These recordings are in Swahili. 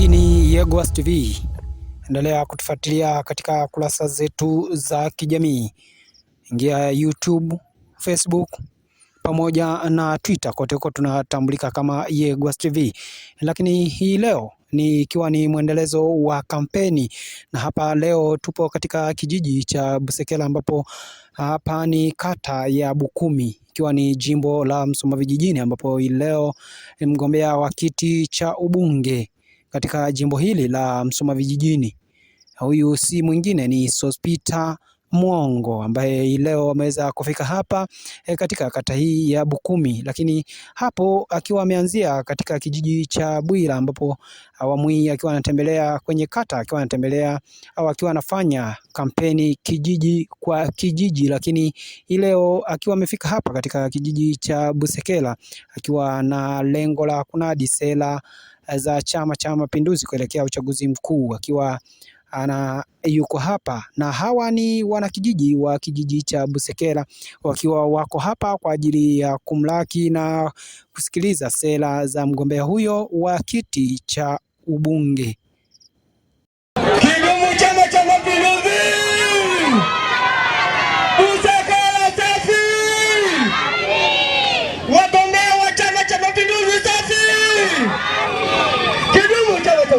Hii ni Yegowasu TV. Endelea kutufuatilia katika kurasa zetu za kijamii. Ingia YouTube, Facebook pamoja na Twitter, kote huko tunatambulika kama Yegowasu TV. Lakini hii leo ni ikiwa ni mwendelezo wa kampeni, na hapa leo tupo katika kijiji cha Busekela, ambapo hapa ni kata ya Bukumi ikiwa ni jimbo la Msoma Vijijini, ambapo hii leo mgombea wa kiti cha ubunge katika jimbo hili la Msoma Vijijini. Huyu si mwingine ni Sospita Mwongo ambaye leo ameweza kufika hapa e, katika kata hii ya Bukumi, lakini hapo akiwa ameanzia katika kijiji cha Bwira, ambapo awamu hii akiwa anatembelea kwenye kata, akiwa anatembelea au akiwa anafanya kampeni kijiji kwa kijiji, lakini leo akiwa amefika hapa katika kijiji cha Busekela akiwa na lengo la kunadi sera za Chama cha Mapinduzi kuelekea uchaguzi mkuu akiwa ana yuko hapa na hawa ni wanakijiji wa kijiji cha Busekera wakiwa wako hapa kwa ajili ya kumlaki na kusikiliza sera za mgombea huyo wa kiti cha ubunge.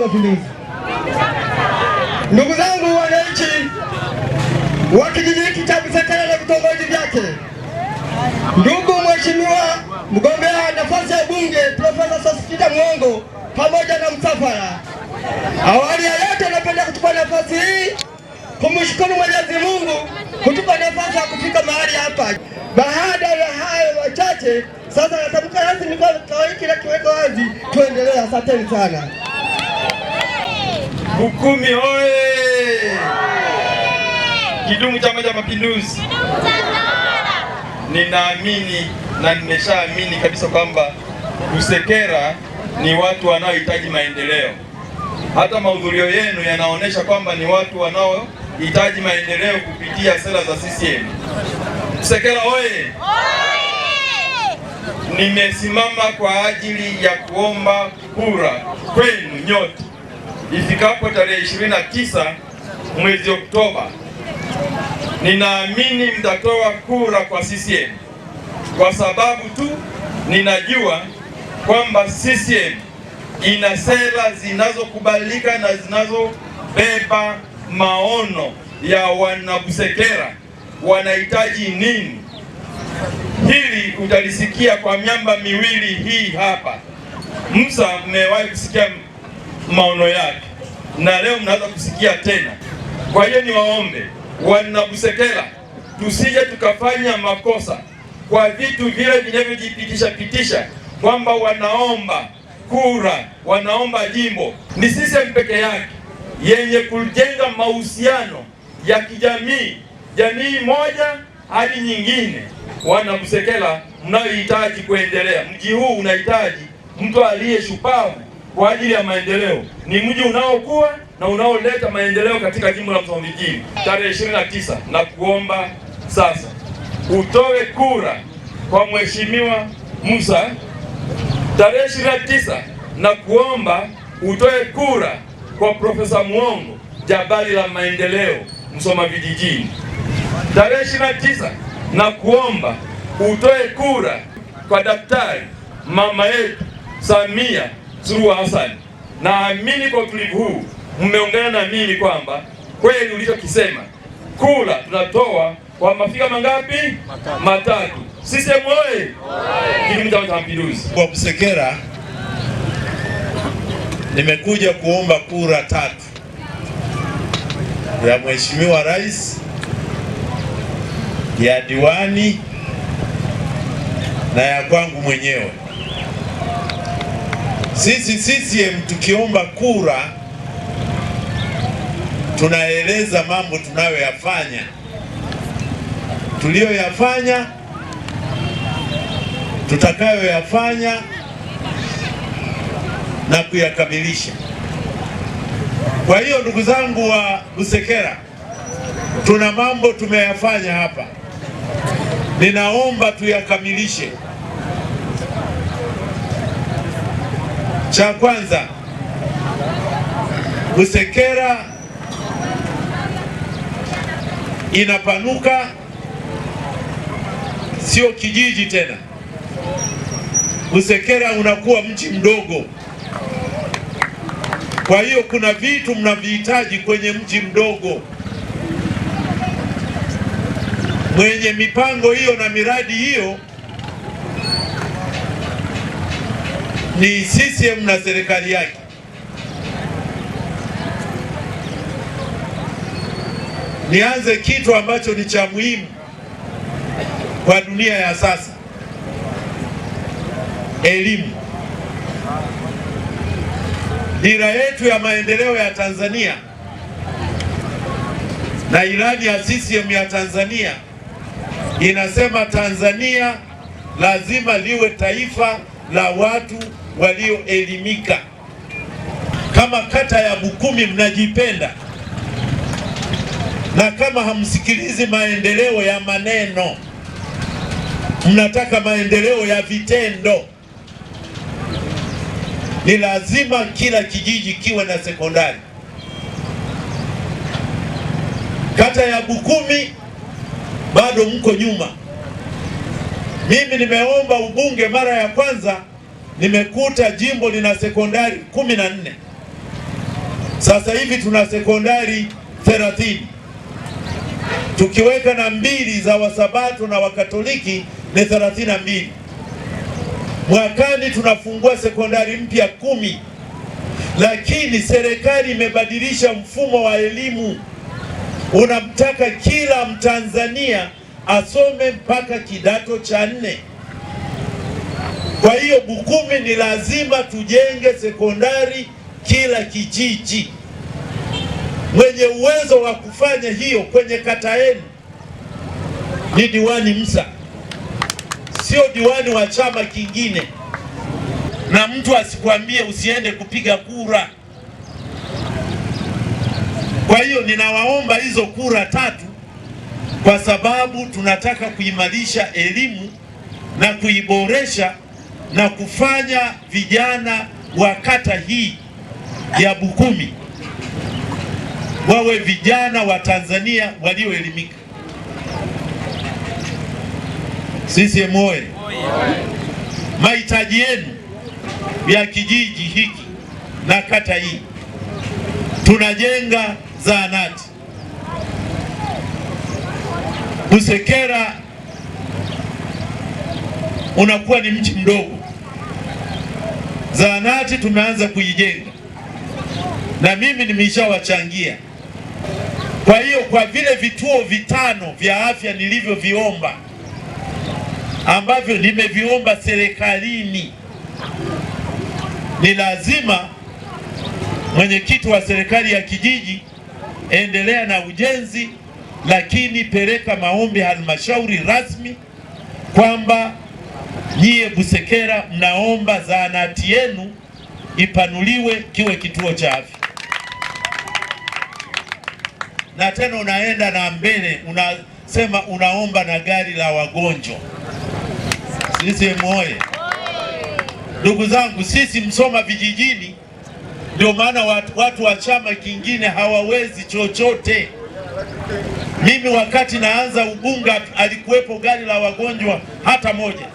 Mapinduzi. Ndugu zangu wananchi wa kijiji hiki cha Busekera na vitongoji vyake, ndugu mheshimiwa mgombea nafasi ya bunge Profesa Sospita Muhongo pamoja na msafara, awali ya yote napenda kutupa nafasi hii kumshukuru Mwenyezi Mungu kutupa nafasi ya kufika mahali hapa. Baada ya hayo machache, sasa natamka rasmi kwa kikao hiki na kiweko wazi, tuendelee. Asanteni sana. Bukumi oye! Kidumu Chama cha Mapinduzi. Ninaamini na nimeshaamini kabisa kwamba kusekera ni watu wanaohitaji maendeleo. Hata mahudhurio yenu yanaonyesha kwamba ni watu wanaohitaji maendeleo kupitia sera za CCM. Lusekera oye! Nimesimama kwa ajili ya kuomba kura kwenu nyote ifikapo tarehe 29 mwezi Oktoba, ninaamini mtatoa kura kwa CCM kwa sababu tu ninajua kwamba CCM ina sera zinazokubalika na zinazobeba maono ya wanabusekera wanahitaji nini. Hili utalisikia kwa miamba miwili hii hapa. Musa, mmewahi kusikia maono yake, na leo mnaweza kusikia tena. Kwa hiyo niwaombe waombe Busekera, tusije tukafanya makosa kwa vitu vile vinavyojipitisha pitisha, kwamba wanaomba kura, wanaomba jimbo. Ni CCM peke yake yenye kujenga mahusiano ya kijamii, jamii moja hadi nyingine. wanabusekela mnayohitaji kuendelea, mji huu unahitaji mtu aliye shupavu kwa ajili ya maendeleo. Ni mji unaokuwa na unaoleta maendeleo katika jimbo la Msoma Vijijini. Tarehe 29 na na kuomba sasa utoe kura kwa mheshimiwa Musa. Tarehe 29 na na kuomba utoe kura kwa Profesa Muongo jabali la maendeleo Msoma Vijijini. Tarehe 29 na kuomba utoe kura kwa Daktari mama yetu Samia Suluhu Hassan, naamini kwa utulivu huu mmeungana na mimi kwamba kweli ulichokisema kula tunatoa kwa mafiga mangapi? Matatu, matatu. CCM oyee! Kidumu cha Mapinduzi! Kwa Msekera nimekuja kuomba kura tatu ya mheshimiwa rais, ya diwani na ya kwangu mwenyewe. Sisi CCM tukiomba kura tunaeleza mambo tunayoyafanya, tuliyoyafanya, tutakayoyafanya na kuyakamilisha. Kwa hiyo ndugu zangu wa Busekera, tuna mambo tumeyafanya hapa, ninaomba tuyakamilishe. Cha kwanza, Busekera inapanuka, sio kijiji tena. Busekera unakuwa mji mdogo. Kwa hiyo kuna vitu mnavihitaji kwenye mji mdogo. Mwenye mipango hiyo na miradi hiyo ni CCM na serikali yake. Nianze kitu ambacho ni cha muhimu kwa dunia ya sasa, elimu. Dira yetu ya maendeleo ya Tanzania na ilani ya CCM ya Tanzania inasema Tanzania lazima liwe taifa la watu walioelimika. Kama kata ya Bukumi mnajipenda, na kama hamsikilizi maendeleo ya maneno, mnataka maendeleo ya vitendo, ni lazima kila kijiji kiwe na sekondari. Kata ya Bukumi bado mko nyuma. Mimi nimeomba ubunge mara ya kwanza nimekuta jimbo lina sekondari kumi na nne. Sasa hivi tuna sekondari thelathini, tukiweka na mbili za Wasabato na Wakatoliki ni thelathini na mbili. Mwakani tunafungua sekondari mpya kumi, lakini serikali imebadilisha mfumo wa elimu, unamtaka kila Mtanzania asome mpaka kidato cha nne. Kwa hiyo Bukumi ni lazima tujenge sekondari kila kijiji. Mwenye uwezo wa kufanya hiyo kwenye kata yenu ni diwani Msa, sio diwani wa chama kingine. Na mtu asikwambie usiende kupiga kura. Kwa hiyo ninawaomba hizo kura tatu, kwa sababu tunataka kuimarisha elimu na kuiboresha na kufanya vijana wa kata hii ya Bukumi wawe vijana wa Tanzania walioelimika. CCM oye Mahitaji yenu ya kijiji hiki na kata hii, tunajenga zahanati Busekera unakuwa ni mji mdogo zahanati tumeanza kuijenga na mimi nimeshawachangia. Kwa hiyo kwa vile vituo vitano vya afya nilivyoviomba ambavyo nimeviomba serikalini, ni lazima mwenyekiti wa serikali ya kijiji, endelea na ujenzi, lakini peleka maombi halmashauri rasmi kwamba Nyie Busekera mnaomba zahanati yenu ipanuliwe kiwe kituo cha afya, na tena unaenda na mbele unasema unaomba na gari la wagonjwa. Sisi moye, ndugu zangu, sisi Msoma vijijini, ndio maana watu, watu wa chama kingine hawawezi chochote. Mimi wakati naanza ubunga alikuwepo gari la wagonjwa hata moja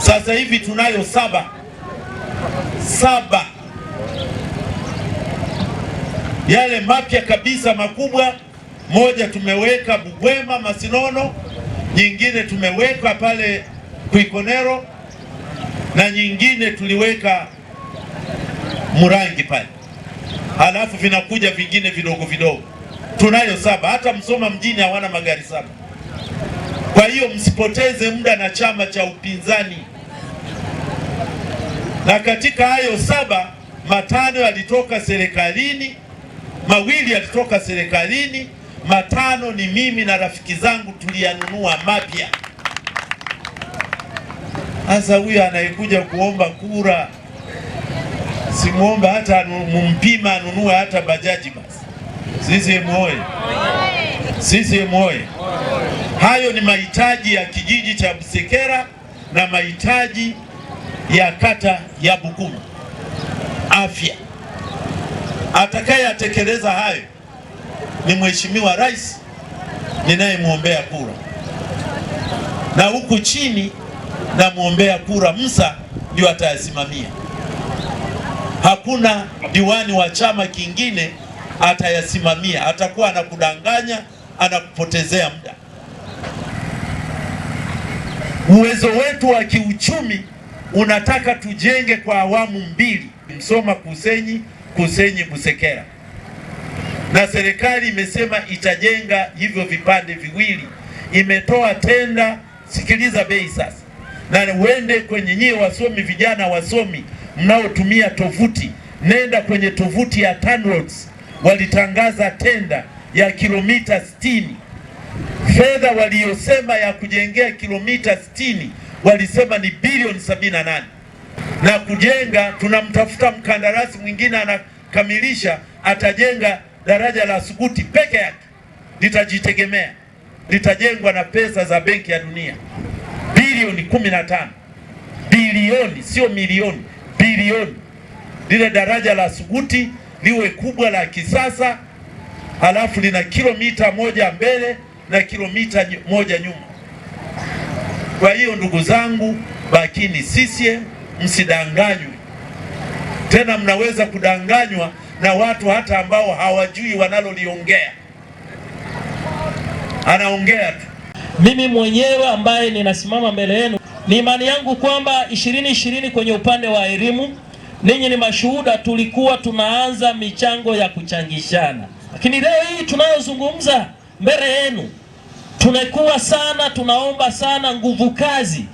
sasa hivi tunayo saba saba, yale mapya kabisa makubwa. Moja tumeweka Bugwema Masinono, nyingine tumeweka pale Kuikonero na nyingine tuliweka Murangi pale, halafu vinakuja vingine vidogo vidogo. Tunayo saba. Hata Msoma mjini hawana magari saba. Kwa hiyo msipoteze muda na chama cha upinzani na katika hayo saba matano yalitoka serikalini, mawili yalitoka serikalini, matano ni mimi na rafiki zangu tuliyanunua mapya. Sasa huyo anayekuja kuomba kura, simwomba hata mumpima anunue hata bajaji basi. CCM oye! CCM oye! Hayo ni mahitaji ya kijiji cha Busekera na mahitaji ya kata ya bukumu afya. Atakayeyatekeleza hayo ni mheshimiwa rais ninayemwombea kura, na huku chini namwombea kura Musa ndio atayasimamia. Hakuna diwani wa chama kingine atayasimamia, atakuwa anakudanganya, anakupotezea muda. Uwezo wetu wa kiuchumi unataka tujenge kwa awamu mbili, Msoma Kusenyi, Kusenyi Busekera, na serikali imesema itajenga hivyo vipande viwili. Imetoa tenda, sikiliza bei sasa, na uende kwenye nyie wasomi, vijana wasomi mnaotumia tovuti, nenda kwenye tovuti ya TANROADS, walitangaza tenda ya kilomita 60 fedha waliyosema ya kujengea kilomita 60 walisema ni bilioni sabini na nane na kujenga, tunamtafuta mkandarasi mwingine anakamilisha, atajenga daraja la Suguti peke yake, litajitegemea, litajengwa na pesa za Benki ya Dunia bilioni kumi na tano bilioni, sio milioni, bilioni. Lile daraja la Suguti liwe kubwa la kisasa, halafu lina kilomita moja mbele na kilomita moja nyuma. Kwa hiyo ndugu zangu, bakini sisi, msidanganywe tena. Mnaweza kudanganywa na watu hata ambao hawajui wanaloliongea, anaongea tu. Mimi mwenyewe ambaye ninasimama mbele yenu, ni imani yangu kwamba ishirini ishirini kwenye upande wa elimu, ninyi ni mashuhuda, tulikuwa tunaanza michango ya kuchangishana, lakini leo hii tunayozungumza mbele yenu Tumekuwa sana tunaomba sana nguvu kazi.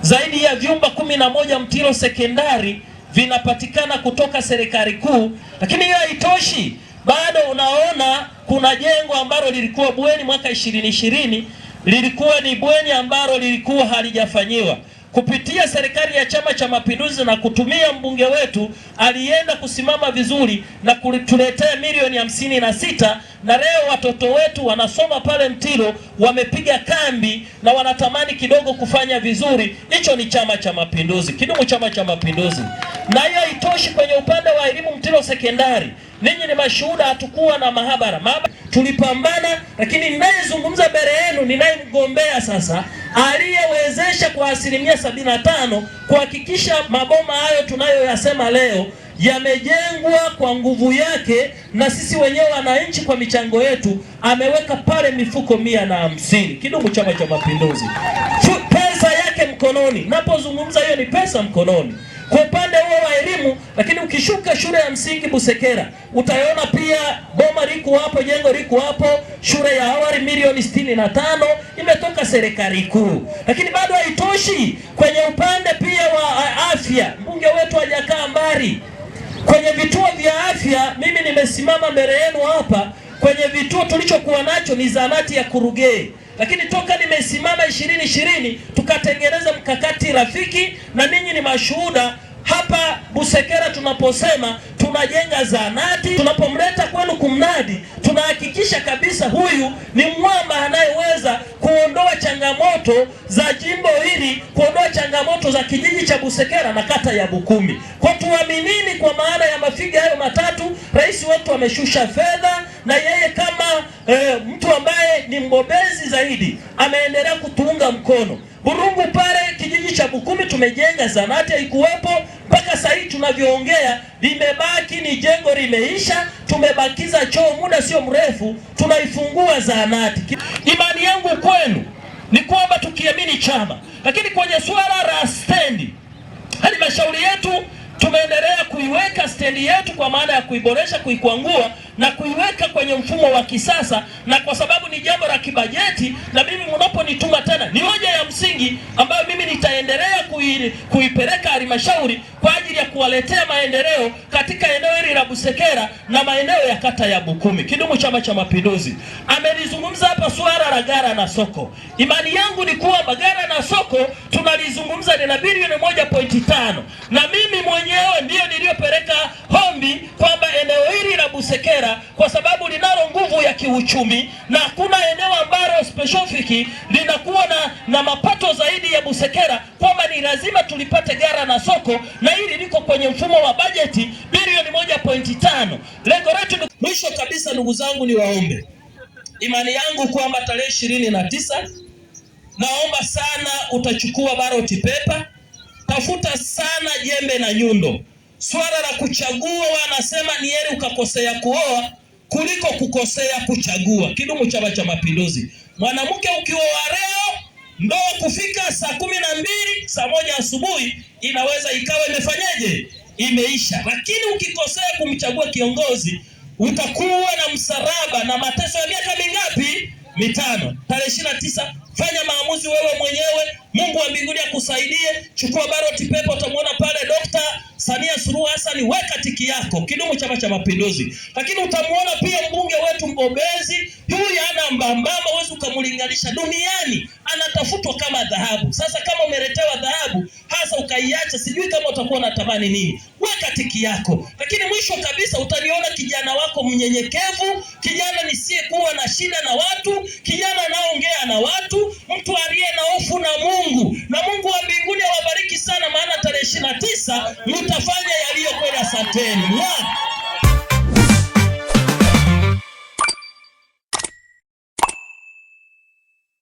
Zaidi ya vyumba kumi na moja Mtilo sekondari vinapatikana kutoka serikali kuu, lakini hiyo haitoshi. Bado unaona kuna jengo ambalo lilikuwa bweni mwaka ishirini ishirini lilikuwa ni bweni ambalo lilikuwa halijafanyiwa kupitia serikali ya Chama cha Mapinduzi na kutumia mbunge wetu alienda kusimama vizuri na kutuletea milioni hamsini na sita na leo watoto wetu wanasoma pale Mtilo, wamepiga kambi na wanatamani kidogo kufanya vizuri. Hicho ni Chama cha Mapinduzi. Kidumu Chama cha Mapinduzi! Na hiyo haitoshi, kwenye upande wa elimu Mtilo sekondari Ninyi ni mashuhuda, hatukuwa na mahabara. Mahabara tulipambana, lakini ninayezungumza mbele yenu, ninayemgombea sasa, aliyewezesha kwa asilimia sabini na tano kuhakikisha maboma hayo tunayoyasema leo yamejengwa kwa nguvu yake na sisi wenyewe wananchi kwa michango yetu, ameweka pale mifuko mia na hamsini kidumu Chama cha Mapinduzi, pesa yake mkononi. Napozungumza hiyo ni pesa mkononi kwa upande huo wa elimu. Lakini ukishuka shule ya msingi Busekera utaona pia boma liko hapo, jengo liko hapo. Shule ya awali milioni sitini na tano imetoka serikali kuu, lakini bado haitoshi. Kwenye upande pia wa afya, mbunge wetu hajakaa mbali kwenye vituo vya afya. Mimi nimesimama mbele yenu hapa, kwenye vituo tulichokuwa nacho ni zahanati ya Kurugee lakini toka nimesimama ishirini ishirini tukatengeneza mkakati rafiki, na ninyi ni mashuhuda hapa Busekera tunaposema tunajenga zahanati, tunapomleta kwenu kumnadi, tunahakikisha kabisa huyu ni mwamba anayeweza kuondoa changamoto za jimbo hili, kuondoa changamoto za kijiji cha Busekera na kata ya Bukumi. Kwa tuaminini, kwa maana ya mafiga hayo matatu, rais wetu ameshusha fedha na yeye kama e, mtu ambaye ni mbobezi zaidi, ameendelea kutuunga mkono. Burungu pale kijiji cha Bukumi tumejenga zanati, haikuwepo mpaka sasa hivi tunavyoongea, limebaki ni jengo limeisha, tumebakiza choo. Muda sio mrefu tunaifungua zanati. Imani yangu kwenu ni kwamba tukiamini chama, lakini kwenye swala la stendi, halmashauri yetu tumeendelea kuiweka stendi yetu kwa maana ya kuiboresha, kuikwangua na kuiweka kwenye mfumo wa kisasa, na kwa sababu ni jambo la kibajeti, na mimi mnaponituma tena, ni hoja ya msingi ambayo mimi nitaendelea kui, kuipeleka halmashauri kwa ajili ya kuwaletea maendeleo katika eneo hili la Busekera na maeneo ya kata ya Bukumi. Kidumu Chama cha Mapinduzi! Amelizungumza hapa suala la gara na soko. Imani yangu ni kuwa magara na soko tunalizungumza ni la bilioni 1.5 na mimi mwenyewe ndiyo niliyopeleka hombi kwamba eneo hili la Busekera biashara, kwa sababu linalo nguvu ya kiuchumi, na hakuna eneo ambalo specific linakuwa na, na mapato zaidi ya Busekera, kwamba ni lazima tulipate gara na soko, na hili liko kwenye mfumo wa bajeti bilioni moja pointi tano. Lengo letu mwisho kabisa, ndugu zangu, ni waombe imani yangu kwamba tarehe ishirini na tisa naomba sana utachukua baroti pepa, tafuta sana jembe na nyundo swala la kuchagua, wanasema ni heri ukakosea kuoa kuliko kukosea kuchagua. Kidumu Chama cha Mapinduzi. Mwanamke ukioa leo, ndoa kufika saa kumi na mbili saa moja asubuhi inaweza ikawa imefanyaje, imeisha. Lakini ukikosea kumchagua kiongozi utakuwa na msalaba na mateso ya miaka mingapi? Mitano. Tarehe ishirini na tisa Fanya maamuzi wewe mwenyewe. Mungu wa mbinguni akusaidie. Chukua baroti pepe, utamwona pale Dokta Samia Suluhu Hassan, weka tiki yako, kidumu Chama cha Mapinduzi. Lakini utamwona pia mbunge wetu mbobezi huyu, ana mbambamba, huwezi ukamlinganisha duniani, anatafutwa kama dhahabu. Sasa kama umeletewa dhahabu hasa ukaiacha, sijui kama utakuwa unatamani nini. Weka tiki yako, lakini mwisho kabisa utaniona kijana wako mnyenyekevu, kijana nisiyekuwa na shida na watu, kijana anaongea na watu mtu aliye na hofu na Mungu. Na Mungu wa mbinguni awabariki sana, maana tarehe ishirini na tisa mtafanya yaliyo santeni Yeah.